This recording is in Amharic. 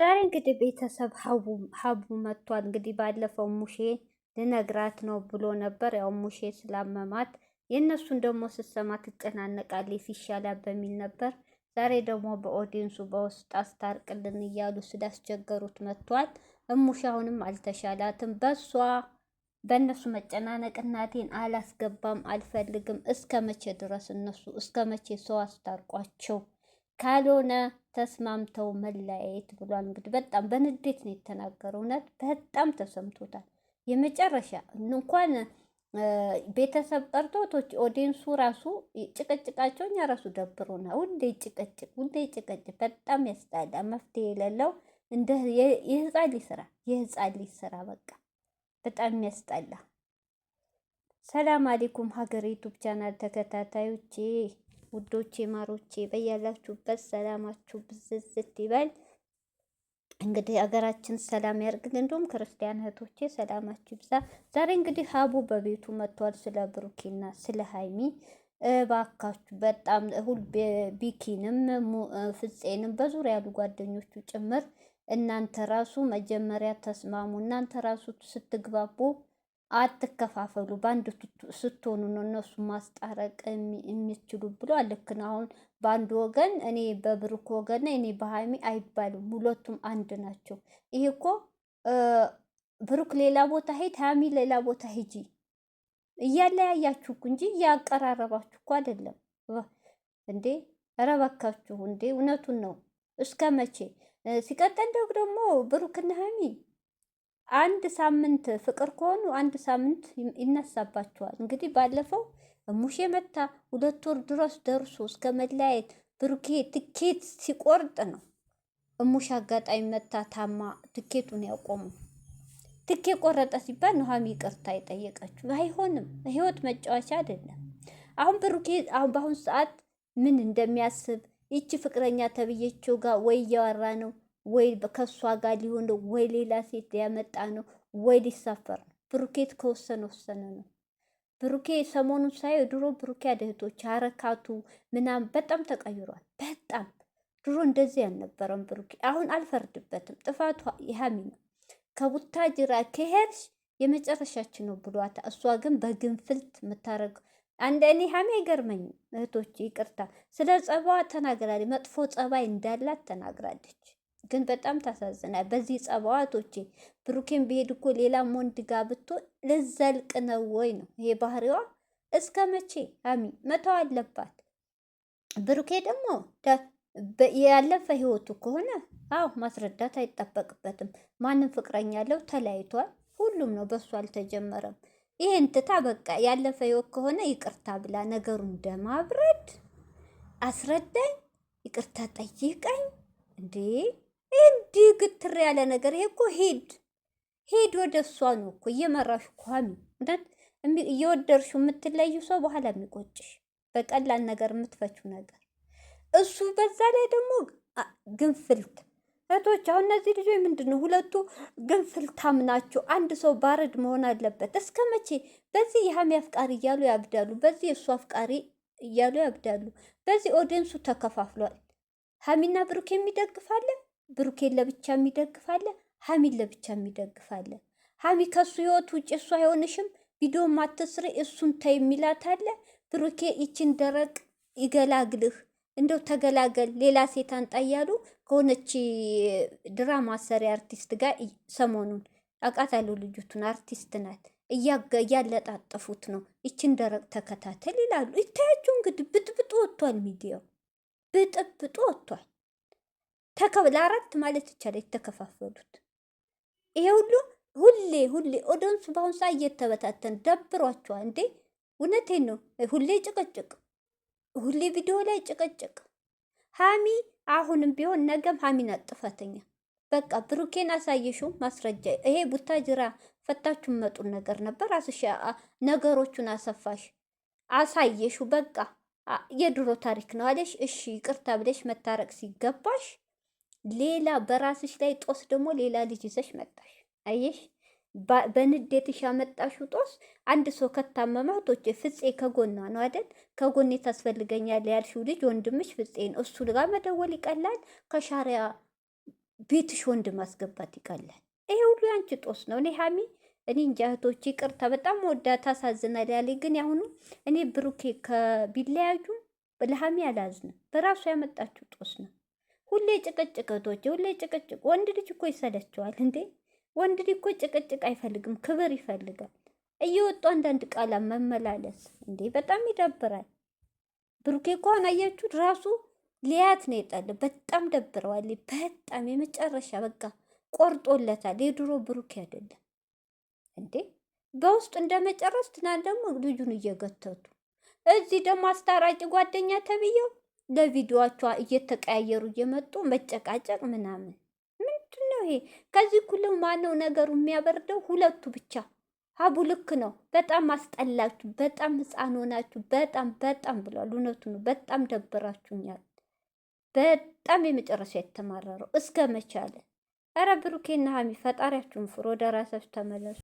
ዛሬ እንግዲህ ቤተሰብ ሀቡ መጥቷል። እንግዲህ ባለፈው ሙሼ ልነግራት ነው ብሎ ነበር። ያው ሙሼ ስላመማት የእነሱን ደግሞ ስትሰማ ትጨናነቃለች ይሻላል በሚል ነበር። ዛሬ ደግሞ በኦዲንሱ በውስጥ አስታርቅልን እያሉ ስላስቸገሩት መጥቷል። እሙሽ አሁንም አልተሻላትም። በሷ በእነሱ መጨናነቅ እናቴን አላስገባም አልፈልግም። እስከ መቼ ድረስ እነሱ እስከ መቼ ሰው አስታርቋቸው ካልሆነ ተስማምተው መለያየት ብሏል። እንግዲህ በጣም በንዴት ነው የተናገረው። እውነት በጣም ተሰምቶታል። የመጨረሻ እንኳን ቤተሰብ ቀርቶ ቶች ኦዲንሱ ራሱ ጭቅጭቃቸውን እኛ ራሱ ደብሮና ሁሌ ጭቅጭቅ፣ ሁሌ ጭቅጭቅ በጣም ያስጣላ። መፍትሄ የሌለው እንደ የህፃን ልጅ ስራ የህፃን ልጅ ስራ በቃ በጣም የሚያስጠላ። ሰላም አሌኩም ሀገር ዩቱብ ቻናል ተከታታዮቼ ውዶቼ ማሮቼ በያላችሁበት ሰላማችሁ ብዝዝት ይበል። እንግዲህ አገራችን ሰላም ያርግል። እንዲሁም ክርስቲያን እህቶቼ ሰላማችሁ ይብዛ። ዛሬ እንግዲህ ሀቡ በቤቱ መጥቷል። ስለ ብሩኪና ስለ ሀይሚ እባካችሁ በጣም ሁል ቢኪንም ፍፄንም በዙሪያ ያሉ ጓደኞቹ ጭምር እናንተ ራሱ መጀመሪያ ተስማሙ። እናንተ ራሱ ስትግባቡ አትከፋፈሉ በአንድ ስትሆኑ ነው እነሱ ማስጣረቅ የሚችሉ ብሎ ልክ ነው። አሁን በአንድ ወገን እኔ በብሩክ ወገን እኔ በሃይሚ አይባልም። ሁለቱም አንድ ናቸው። ይሄ እኮ ብሩክ ሌላ ቦታ ሄድ ሃሚ ሌላ ቦታ ሄጂ እያለያያችሁ እንጂ እያቀራረባችሁ እኮ አይደለም እንዴ! ረበካችሁ እንዴ! እውነቱን ነው። እስከ መቼ ሲቀጥል ደግሞ ብሩክና ሃሚ አንድ ሳምንት ፍቅር ከሆኑ አንድ ሳምንት ይነሳባቸዋል። እንግዲህ ባለፈው ሙሼ መታ ሁለት ወር ድረስ ደርሶ እስከ መለያየት ብሩኬ ትኬት ሲቆርጥ ነው። እሙሽ አጋጣሚ መታ ታማ ትኬቱን ያቆሙ ትኬ ቆረጠ ሲባል ኑሃሚ ይቅርታ የጠየቀችው አይሆንም፣ ህይወት መጫወቻ አይደለም። አሁን ብሩኬ አሁን በአሁኑ ሰዓት ምን እንደሚያስብ ይቺ ፍቅረኛ ተብዬችው ጋር ወይ እያወራ ነው ወይ ከእሷ ጋር ሊሆን ነው፣ ወይ ሌላ ሴት ያመጣ ነው፣ ወይ ሊሳፈር ነው። ብሩኬት ከወሰነ ወሰነ ነው። ብሩኬ ሰሞኑን ሳይ ድሮ ብሩኬ አደህቶች አረካቱ ምናምን በጣም ተቀይሯል። በጣም ድሮ እንደዚህ ያልነበረም ብሩኬ። አሁን አልፈርድበትም። ጥፋቱ ይሃሚ ነው። ከቡታ ጅራ ከሄድሽ የመጨረሻችን ነው ብሏታ። እሷ ግን በግንፍልት የምታረገው አንድ እኔ ሀሜ ገርመኝ። እህቶች ይቅርታ ስለ ጸባዋ ተናግራለች። መጥፎ ጸባይ እንዳላት ተናግራለች። ግን በጣም ታሳዝናል። በዚህ ጸባዋ ብሩኬን ብሄድ እኮ ሌላ ወንድ ጋር ብትሆን ልዘልቅ ነው ወይ ነው ይሄ ባህሪዋ። እስከ መቼ አሚ መተው አለባት። ብሩኬ ደግሞ ያለፈ ህይወቱ ከሆነ አዎ ማስረዳት አይጠበቅበትም። ማንም ፍቅረኛ ያለው ተለያይቷል። ሁሉም ነው በሱ አልተጀመረም። ይሄን ትታ በቃ ያለፈ ህይወት ከሆነ ይቅርታ ብላ ነገሩን እንደማብረድ አስረዳኝ፣ ይቅርታ ጠይቀኝ እንዴ እንዲህ ግትር ያለ ነገር ይሄ እኮ ሄድ ሂድ ወደ እሷ ነው እኮ እየመራሽ እኮ እየወደድሽው የምትለዩ ሰው በኋላ የሚቆጭሽ በቀላል ነገር የምትፈችው ነገር እሱ። በዛ ላይ ደግሞ ግንፍልት እህቶች፣ አሁን እነዚህ ልጆች ምንድን ነው ሁለቱ ግንፍልታም ናቸው። አንድ ሰው ባረድ መሆን አለበት። እስከ መቼ በዚህ የሀሚ አፍቃሪ እያሉ ያብዳሉ፣ በዚህ የእሱ አፍቃሪ እያሉ ያብዳሉ። በዚህ ኦዲየንሱ ተከፋፍሏል። ሀሚና ብሩክ የሚደግፋለን ብሩኬን ለብቻ የሚደግፋለ፣ ሀሚን ለብቻ የሚደግፋለ። ሀሚ ከሱ ህይወት ውጭ እሱ አይሆንሽም፣ ቪዲዮም አትስሪ፣ እሱን ተይ የሚላታለ። ብሩኬ ይችን ደረቅ ይገላግልህ፣ እንደው ተገላገል፣ ሌላ ሴት አንጣ እያሉ ከሆነች ድራማ ሰሪ አርቲስት ጋር ሰሞኑን አውቃታለሁ። ልጅቱን አርቲስት ናት እያለጣጠፉት ነው። ይችን ደረቅ ተከታተል ይላሉ። ይታያቸው እንግዲህ ብጥብጡ ወጥቷል፣ ሚዲያው ብጥብጡ ወጥቷል። ለአራት ማለት ይቻላል የተከፋፈሉት። ይሄ ሁሉ ሁሌ ሁሌ ኦዲየንሱ በአሁኑ ሰዓት እየተበታተን ደብሯቸዋ እንዴ! እውነቴ ነው። ሁሌ ጭቅጭቅ፣ ሁሌ ቪዲዮ ላይ ጭቅጭቅ። ሀሚ አሁንም ቢሆን ነገም ሀሚን ጥፋተኛ። በቃ ብሩኬን አሳየሹ ማስረጃ። ይሄ ቡታጅራ ፈታችሁ መጡን ነገር ነበር። አስሽ ነገሮቹን አሰፋሽ አሳየሹ። በቃ የድሮ ታሪክ ነው አለሽ። እሺ ይቅርታ ብለሽ መታረቅ ሲገባሽ ሌላ በራስሽ ላይ ጦስ ደግሞ ሌላ ልጅ ይዘሽ መጣሽ። አየሽ፣ በንዴትሽ ያመጣሽው ጦስ። አንድ ሰው ከታመመ ቶች ፍፄ ከጎኗ ነው አይደል? ከጎኔ ታስፈልገኛል ያልሽው ልጅ ወንድምሽ ፍፄ ነው። እሱ ጋር መደወል ይቀላል፣ ከሻሪያ ቤትሽ ወንድ ማስገባት ይቀላል። ይሄ ሁሉ ያንቺ ጦስ ነው። እኔ ሀሚ እኔ እንጃ እህቶች፣ ይቅርታ በጣም ወዳ ታሳዝናል። ያለ ግን ያሁኑ እኔ ብሩኬ ከቢለያዩ ለሀሚ አላዝንም፣ በራሱ ያመጣችው ጦስ ነው። ሁሌ ጭቅጭቅቶች፣ ሁሌ ጭቅጭቅ። ወንድ ልጅ እኮ ይሰለቸዋል እንዴ! ወንድ ልጅ እኮ ጭቅጭቅ አይፈልግም፣ ክብር ይፈልጋል። እየወጡ አንዳንድ ቃላት መመላለስ እንዴ! በጣም ይደብራል። ብሩኬ እኮ አያችሁት ራሱ ሊያት ነው የጣለው። በጣም ደብረዋል። በጣም የመጨረሻ በቃ ቆርጦለታል። የድሮ ብሩኬ አይደለም እንዴ! በውስጥ እንደመጨረስ ትናንት ደግሞ ልጁን እየገተቱ እዚህ ደግሞ አስታራቂ ጓደኛ ተብየው። ለቪዲዮቿ እየተቀያየሩ እየመጡ መጨቃጨቅ ምናምን ምንድን ነው ይሄ? ከዚህ ሁሉ ማነው ነገሩ የሚያበርደው? ሁለቱ ብቻ። ሀቡ ልክ ነው። በጣም አስጠላችሁ፣ በጣም ህፃን ሆናችሁ፣ በጣም በጣም ብሏል። እውነቱ ነው። በጣም ደበራችሁኛል። በጣም የመጨረሻ የተማረረው እስከ መቻለ። ኧረ ብሩኬና ሀሚ ፈጣሪያችሁን ፍሩ፣ ወደ ራሳችሁ ተመለሱ።